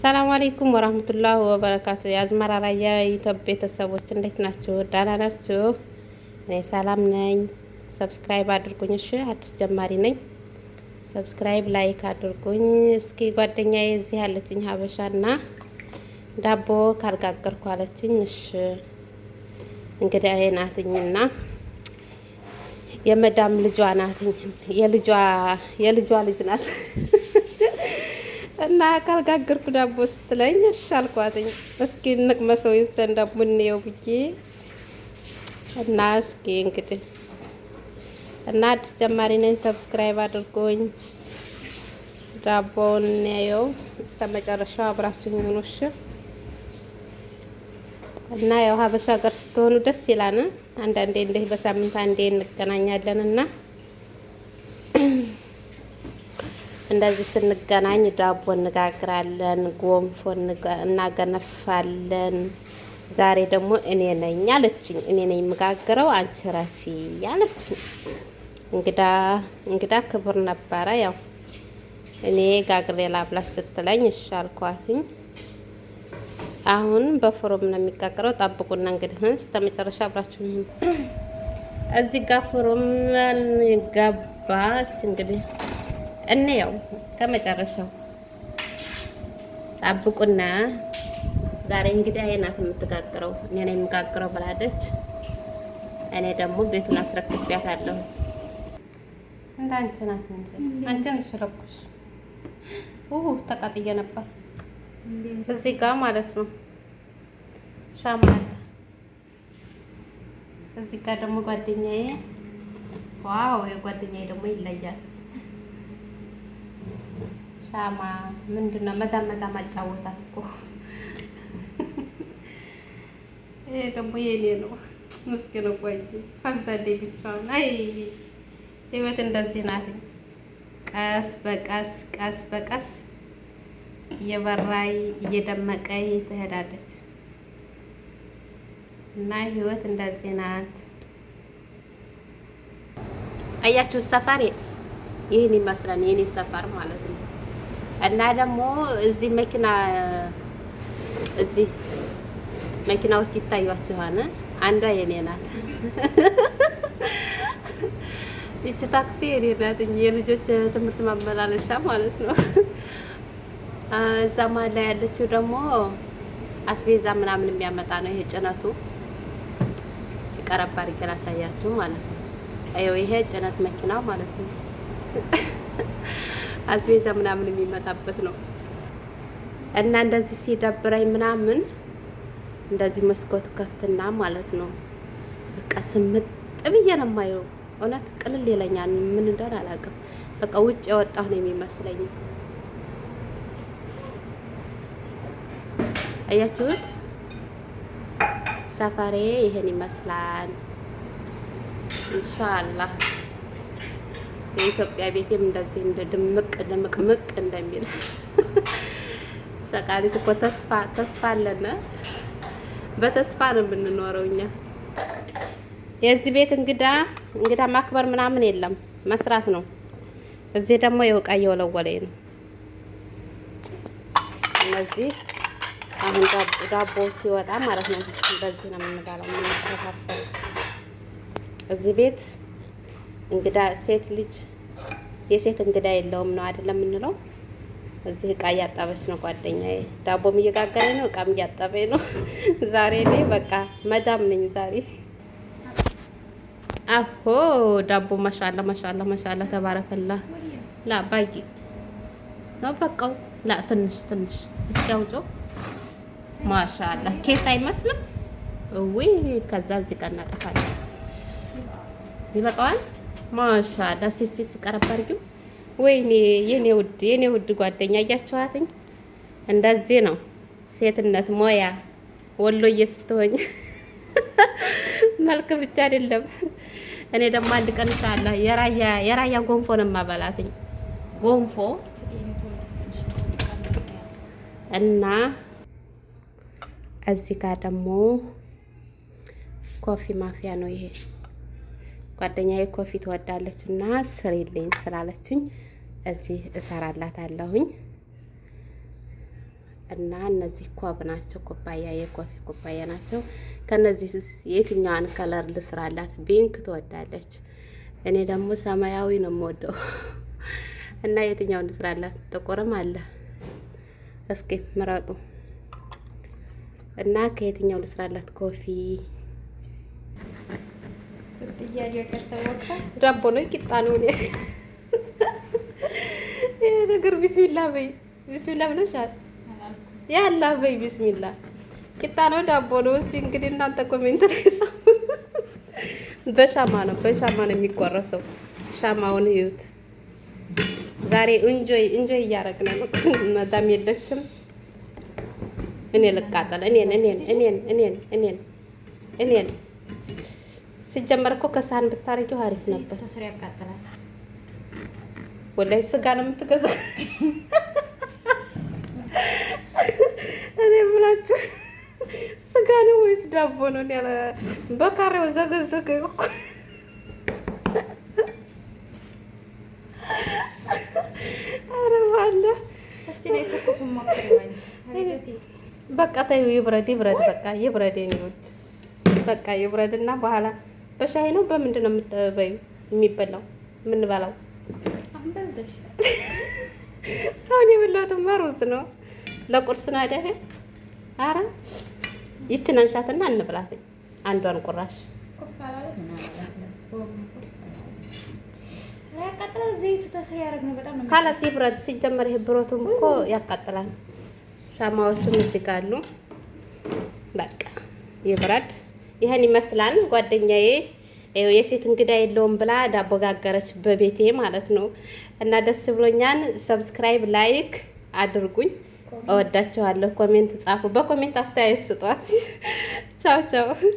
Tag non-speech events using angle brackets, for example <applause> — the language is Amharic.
ሰላም አለይኩም ወራህመቱላህ ወበረካቱ። የአዝመራ ራያ ዩቲዩብ ቤተሰቦች እንዴት ናችሁ? ደህና ናችሁ? እኔ ሰላም ነኝ። ሰብስክራይብ አድርጉኝ። እሺ፣ አዲስ ጀማሪ ነኝ። ሰብስክራይብ፣ ላይክ አድርጉኝ። እስኪ ጓደኛዬ እዚህ ያለችኝ ሀበሻና ዳቦ ካልጋገርኩ አለችኝ። እሺ፣ እንግዲህ ይሄ ናትኝና የመዳም ልጇ ናትኝ የልጇ የልጇ ልጅ ናት እና ካልጋገርኩ ዳቦ ስትለኝ እሺ አልኳትኝ። እስኪ እንቅመሰው ይዘን ዳቦ እንየው ብዬ እና እስኪ እንግዲህ እና አዲስ ጀማሪ ነኝ፣ ሰብስክራይብ አድርጎኝ ዳቦውን እንየው እስከ መጨረሻው አብራችሁ ይሁኑሽ። እና ያው ሀበሻ ጋር ስትሆኑ ደስ ይላል። አንዳንዴ እንዲህ በሳምንት አንዴ እንገናኛለን እና እንደዚህ ስንገናኝ ዳቦ እንጋግራለን፣ ጎንፎ እናገነፋለን። ዛሬ ደግሞ እኔ ነኝ አለችኝ። እኔ ነኝ የምጋግረው አንቺ ረፊ አለችኝ። እንግዳ እንግዳ ክቡር ነበረ። ያው እኔ ጋግሬ ላብላሽ ስትለኝ እሺ አልኳትኝ። አሁን በፍሮም ነው የሚጋግረው። ጠብቁና እንግዲህ እስከ መጨረሻ አብራችሁ እዚህ ጋር ፍሮም ገባ እንግዲህ እንየው እስከ መጨረሻው ጣብቁና ዛሬ እንግዲህ አይናት የምትጋግረው እኔ ነው የምጋግረው ብላለች። እኔ ደግሞ ቤቱን አስረክቤያታለሁ። እንደ አንቺ ናት እንጂ አንቺ ነሽ ረኩሽ። ውሁ ተቃጥዬ ነበር እዚህ ጋር ማለት ነው። ሻማ አለ እዚህ ጋር ደግሞ ጓደኛዬ። ዋው የጓደኛዬ ደግሞ ይለያል። ሻማ ምንድን ነው መዳም መዳም አጫወታት እኮ። ይሄ ደግሞ የኔ ነው ምስኪን ቆይ እንጂ ብቻውን። አይ ህይወት እንደዚህ ናት። ቀስ በቀስ ቀስ በቀስ እየበራይ እየደመቀይ ትሄዳለች እና ህይወት እንደዚህ ናት። አያችሁ ሰፈር ይህን ይመስላል የኔ ሰፈር ማለት ነው። እና ደግሞ እዚህ መኪና እዚህ መኪናዎች ይታያችኋል። አንዷ የኔ ናት። <laughs> ይቺ ታክሲ የኔ ናት። የልጆች ትምህርት ማመላለሻ ማለት ነው። እዛ መሀል ላይ ያለችው ደግሞ አስቤዛ ምናምን የሚያመጣ ነው። ይሄ ጭነቱ ሲቀረብ አድርጌ ላሳያችሁ ማለት ነው። ይሄ ጭነት መኪናው ማለት ነው። <laughs> አስቤዛ ምናምን የሚመጣበት ነው እና እንደዚህ ሲደብረኝ ምናምን እንደዚህ መስኮት ከፍትና ማለት ነው በቃ ስምጥ ብዬ ነው የማየው። እውነት ቅልል ይለኛል። ምን እንደሆነ አላውቅም። በቃ ውጭ የወጣሁ ነው የሚመስለኝ። አያችሁት? ሰፈሬ ይሄን ይመስላል። ኢንሻአላህ በኢትዮጵያ ቤቴም እንደዚህ እንደ ድምቅ ድምቅ ምቅ እንደሚል <laughs> ሸቃሊት እኮ ተስፋ ተስፋ አለና በተስፋ ነው የምንኖረው እኛ። የዚህ ቤት እንግዳ እንግዳ ማክበር ምናምን የለም መስራት ነው። እዚህ ደግሞ የውቃ እየወለወለኝ ነው። እነዚህ አሁን ዳቦ ሲወጣ ማለት ነው በዚህ ነው የምንባለው የምንከፋፈል እዚህ ቤት እንግዳ ሴት ልጅ የሴት እንግዳ የለውም ነው አይደለም የምንለው። እዚህ እቃ እያጠበች ነው ጓደኛዬ። ዳቦም እየጋገረ ነው፣ እቃም እያጠበ ነው። <laughs> ዛሬ እኔ በቃ መዳም ነኝ ዛሬ። አሆ ዳቦ ማሻላ ማሻላ ማሻላ ተባረከላ። ላ ባይ ነው በቃው። ላ ትንሽ ትንሽ እስኪ ማሻላ ኬት አይመስልም? እዊ ከዛ እዚህ ጋር እናጠፋለን። ይበቃዋል። ማሻላ ሴት ሴት ስቀረብ አድርጊው። ወይኔ የኔ ውድ የኔ ውድ ጓደኛ እያቸዋትኝ እንደዚህ ነው ሴትነት ሞያ። ወሎዬ ስትሆኝ <laughs> መልክ ብቻ አይደለም። እኔ ደግሞ አንድ ቀን የራያ የራያ ጎንፎ ነው የማበላትኝ ጎንፎ እና እዚህ ጋር ደግሞ ኮፊ ማፊያ ነው ይሄ። ጓደኛዬ ኮፊ ትወዳለች እና ስሪልኝ ስላለችኝ እዚህ እሰራላታለሁኝ እና እነዚህ ኮብ ናቸው፣ ኩባያ የኮፊ ኩባያ ናቸው። ከነዚህ የትኛዋን ከለር ልስራላት? ቢንክ ትወዳለች። እኔ ደግሞ ሰማያዊ ነው የምወደው እና የትኛውን ልስራላት? ጥቁርም አለ። እስኪ ምረጡ እና ከየትኛው ልስራላት ኮፊ ዳቦ ነው ቂጣ ነው? ይሄ ነገር ቢስሚላ በይ ቢስሚላ ብለሻል። ያላ በይ ቢስሚላ ቂጣ ነው ዳቦ ነው? እስኪ እንግዲህ እናንተ ኮሜንት ላይ <laughs> በሻማ ነው በሻማ ነው የሚቆረሰው። ሻማውን እዩት። ዛሬ እንጆይ እንጆይ እያደረግን ነው። መዳም የለችም። እኔ ልቃጠል እኔን እኔን እኔን እኔን እኔን እኔን ሲጀመር እኮ ከሳህን ብታረጊው አሪፍ ነበር። ተሰሪ ያቃጥላል። ወላሂ ስጋ ነው የምትገዛ። እኔ ብላችሁ ስጋ ነው ወይስ ዳቦ ነው ያለ በካሬው ዘገዘገ እኮ በቃ ታዩ ይብረድ ይብረድ በቃ ይብረድ ይብረድ በቃ በኋላ በሻይ ነው በምንድን ነው የምትበዩ? የሚበላው የምንበላው አሁን የበላሁትማ ሩዝ ነው። ለቁርስ ነው አይደል? አረ ይችን አንሻትና እንብላት አንዷን ቁራሽ ካላስ ይብረድ። ሲጀመር ይሄ ብረቱም እኮ ያቃጥላል። ሻማዎቹም እዚህ ጋር አሉ። በቃ ይብረድ። ይህን ይመስላል ጓደኛዬ። የሴት እንግዳ የለውም ብላ ዳቦ ጋገረች በቤቴ ማለት ነው። እና ደስ ብሎኛል። ሰብስክራይብ፣ ላይክ አድርጉኝ። እወዳቸዋለሁ። ኮሜንት ጻፉ። በኮሜንት አስተያየት ስጧት። ቻው ቻው።